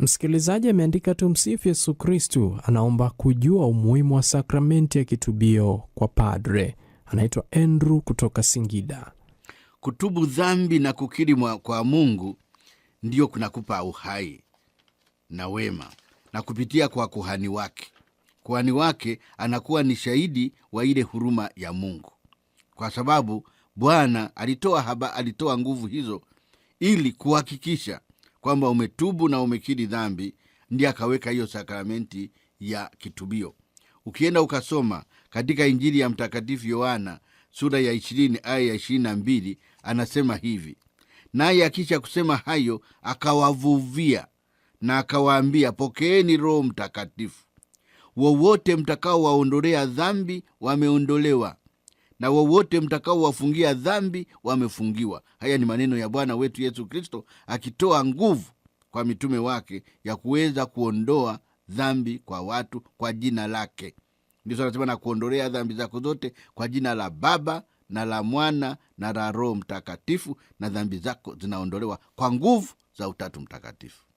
Msikilizaji ameandika tumsifu Yesu Kristu, anaomba kujua umuhimu wa sakramenti ya kitubio kwa padre. Anaitwa Andrew kutoka Singida. Kutubu dhambi na kukiri kwa Mungu ndiyo kunakupa uhai na wema, na kupitia kwa kuhani wake. Kuhani wake anakuwa ni shahidi wa ile huruma ya Mungu, kwa sababu Bwana alitoa haba, alitoa nguvu hizo ili kuhakikisha kwamba umetubu na umekiri dhambi, ndiye akaweka hiyo sakramenti ya kitubio. Ukienda ukasoma katika Injili ya Mtakatifu Yohana sura ya 20 aya ya 22, anasema hivi: naye akisha kusema hayo akawavuvia na akawaambia, pokeeni Roho Mtakatifu, wowote mtakaowaondolea dhambi wameondolewa, na wowote mtakaowafungia dhambi wamefungiwa. Haya ni maneno ya Bwana wetu Yesu Kristo akitoa nguvu kwa mitume wake ya kuweza kuondoa dhambi kwa watu kwa jina lake. Ndiso anasema na kuondolea dhambi zako zote kwa jina la Baba na la Mwana na la Roho Mtakatifu, na dhambi zako zinaondolewa kwa nguvu za Utatu Mtakatifu.